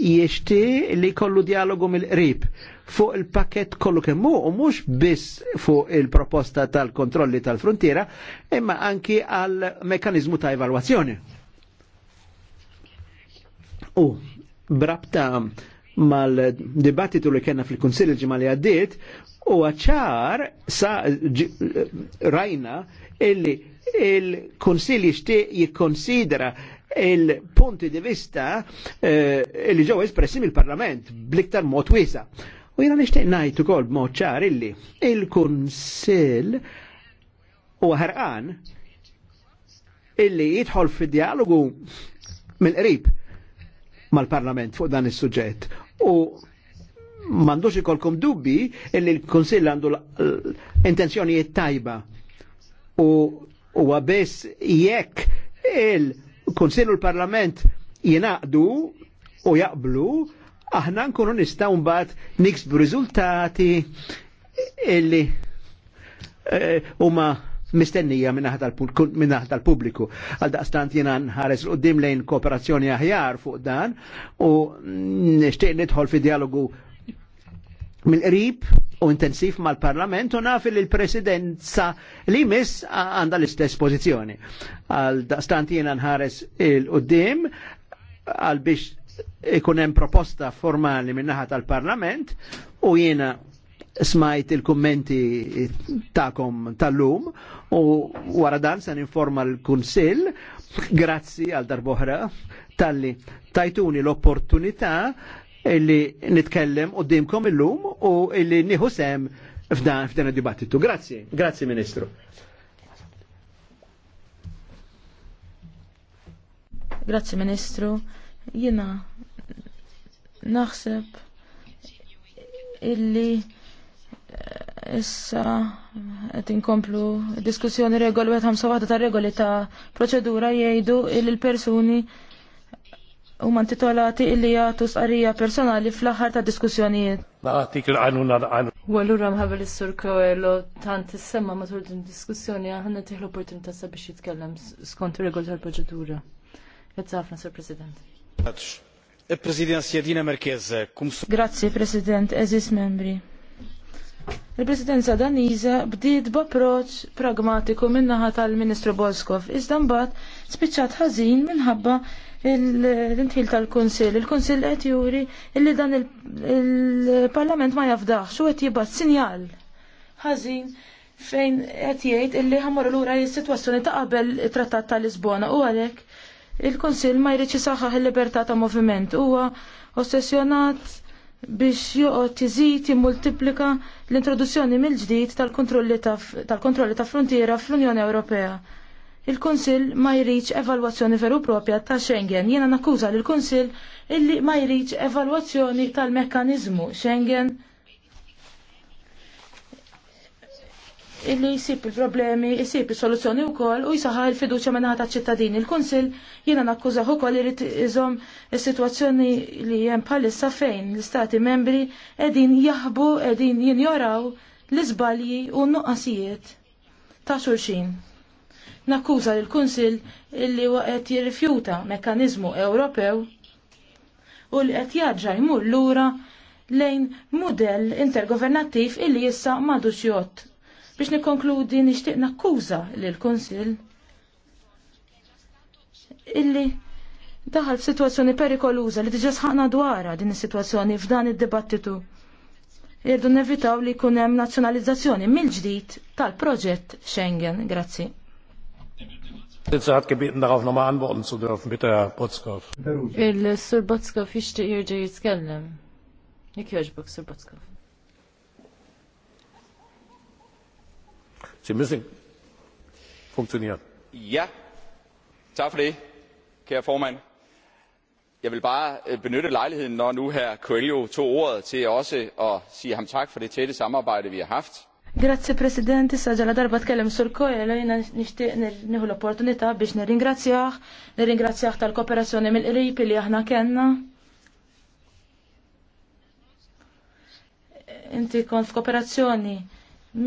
jiexti li kollu dialogu mill-qrib fuq il-pakket kollu kemmu u mux biss fuq il-proposta tal-kontrolli tal-frontiera, imma anki għal mekanizmu ta' evalwazzjoni. U brabta mal-dibattitu li kena fil-Kunsil il ġimali li għaddiet u għacħar sa rajna illi il-Kunsil jishtiq jikonsidra il-punti di vista eh, illi ġo espressi mill-Parlament bliktar mod wiesa. U jena nishtiq najt ukoll mot ċar illi il-Kunsill u ħarqan illi jidħol fil dialogu mill-qrib mal-Parlament fuq dan is-suġġett u mandux ikolkom dubbi illi l-Konsill għandu l intenzjonijiet tajba u għabess jekk il-Konsill u l-Parlament jinaqdu u jaqblu aħna nkunu nistgħu mbagħad niksbu riżultati illi eh, huma e, mistennija minnaħ tal-pubbliku. Għal daqstant jena nħares l-qoddim lejn kooperazzjoni aħjar fuq dan u nishtiq nidħol fi dialogu mill-qrib u intensiv mal-parlament u naf li l-presidenza li miss għanda l-istess pozizjoni. Għal daqstant jena nħares il-qoddim għal biex ikunem proposta formali minnaħat tal-parlament u jena smajt il-kommenti ta'kom tal-lum u wara dan se informa l-Kunsill grazzi għal darboħra tal-li tajtuni l-opportunità illi nitkellem qudiemkom illum il-lum u illi nieħu sem f'dan f'dan dibattitu Grazzi, grazzi Ministru. Grazzi Ministru, jiena naħseb illi Issa, qed inkomplu diskussjoni regoli 151 ta' regoli ta' proċedura jgħidu il persuni huma intitolati illi jagħtu sqarrija personali fl-aħħar ta' diskussjonijiet. Naqatik il-qanun U allura mħabel is-sur Coelho tant semma matul din diskussjoni aħna tieħ l-opportunità sabiex jitkellem skont ir-regoli tal-proċedura. Grazzi ħafna, Sur President. Grazie, President, eżis membri. Il-Presidenza Daniza bdiet b'approċċ pragmatiku min-naħa tal-Ministru Boskov, iżda mbagħad spiċċat ħażin minħabba l-intħil tal-Kunsill. Il-Kunsill qed juri li dan il-Parlament ma jafdaħx u qed jibgħat sinjal ħażin fejn qed jgħid illi ħammar lura s-sitwazzjoni ta' qabel it-Trattat ta' Lisbona u għalhekk il-Kunsill ma jridx isaħħaħ il-libertà ta' moviment. Huwa ossessjonat biex joqgħod iżid jimmultiplika l-introduzzjoni mill-ġdid tal-kontrolli ta' frontiera fl-Unjoni Ewropea. Il-Kunsill ma jridx evalwazzjoni veru propja ta' Schengen. Jiena nakkuża lill kunsill illi ma jridx evalwazzjoni tal-mekkaniżmu Schengen illi jisib il-problemi, jisib il-soluzzjoni u kol u jisaha il-fiduċa minna ta' ċittadini. il konsil jina nakkużaħ u kol irrit izom il-situazzjoni li jem palissa fejn l-Stati membri edin jahbu, edin jinjoraw l-izbalji u nuqqasijiet ta' xurxin. Nakkuża il konsil illi waqet jirrifjuta mekanizmu Ewropew u li qed jaġġa jmur lura lejn mudell intergovernattiv illi issa m'għadux jgħod Biex nikonkludi nixtieq nakkuża lil kunsil illi daħal f'sitwazzjoni perikoluża li diġa sħaqna dwarha din is-sitwazzjoni f'dan id-dibattitu. Irdu nevitaw li jkun hemm nazzjonalizzazzjoni mill-ġdid tal-proġett Schengen. Grazzi. Il-Sur Botskov jishtiq jirġa jitkellem. Jek joġbok Sur Botskov. Sie müssen funktionieren. Ja, tak for det, kære formand. Jeg vil bare øh, benytte lejligheden, når nu her Coelho tog ordet, til også at sige ham tak for det tætte samarbejde, vi har haft. Grazie Presidente, sa ġala darba tkellem sur Coelho, jina nishtiq nieħu l-opportunità biex nirringrazzjah, nirringrazzjah tal-kooperazzjoni mill-qrib li aħna kellna. Inti kont f'kooperazzjoni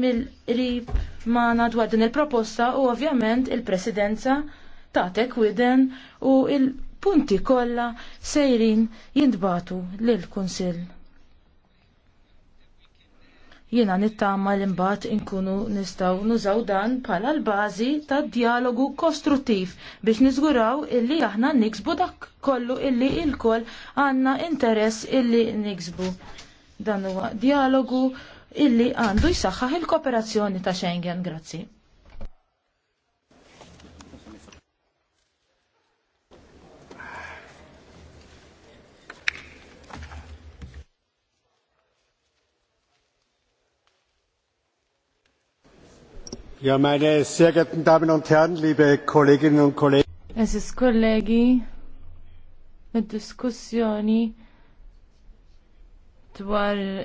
mill-rib maħna dwar din il-proposta u ovvjament il-presidenza tatek widen u il-punti kolla sejrin jindbatu l-Konsil. Jena nittama l-imbat inkunu nistaw nużaw dan pala l-bazi ta' dialogu kostruttiv biex nizguraw illi aħna niksbu dak kollu illi il-koll għanna interess illi niksbu dan huwa dialogu illi għandu jsaħħaħ il-kooperazzjoni ta' Schengen. Grazzi. Ja, meine sehr geehrten Damen und Herren, liebe Kolleginnen und Kollegen. Es ist Kollegi, mit Diskussioni dwar